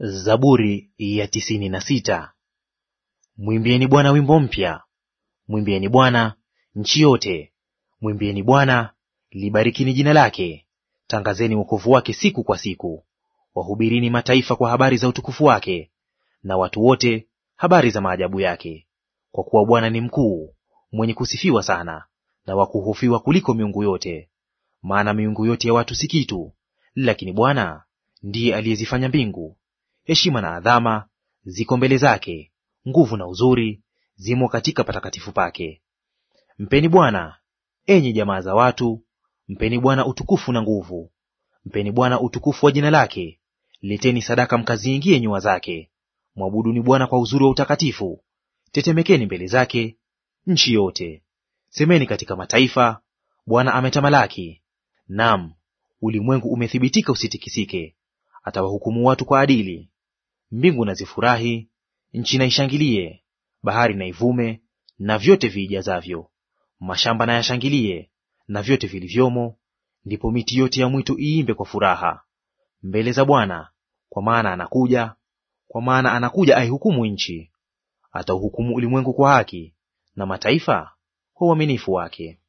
Zaburi ya tisini na sita. Mwimbieni Bwana wimbo mpya, mwimbieni Bwana nchi yote, mwimbieni Bwana, libarikini jina lake, tangazeni wokovu wake siku kwa siku, wahubirini mataifa kwa habari za utukufu wake, na watu wote habari za maajabu yake. Kwa kuwa Bwana ni mkuu, mwenye kusifiwa sana, na wakuhofiwa kuliko miungu yote. Maana miungu yote ya watu si kitu, lakini Bwana ndiye aliyezifanya mbingu Heshima na adhama ziko mbele zake, nguvu na uzuri zimo katika patakatifu pake. Mpeni Bwana, enyi jamaa za watu, mpeni Bwana utukufu na nguvu. Mpeni Bwana utukufu wa jina lake, leteni sadaka mkaziingie nyua zake. Mwabuduni Bwana kwa uzuri wa utakatifu, tetemekeni mbele zake nchi yote. Semeni katika mataifa, Bwana ametamalaki; naam, ulimwengu umethibitika usitikisike. Atawahukumu watu kwa adili, Mbingu na zifurahi, nchi na ishangilie, bahari na ivume, na vyote viijazavyo. Mashamba na yashangilie, na vyote vilivyomo, ndipo miti yote ya mwitu iimbe kwa furaha mbele za Bwana, kwa maana anakuja, kwa maana anakuja aihukumu nchi. Atauhukumu ulimwengu kwa haki, na mataifa kwa uaminifu wake.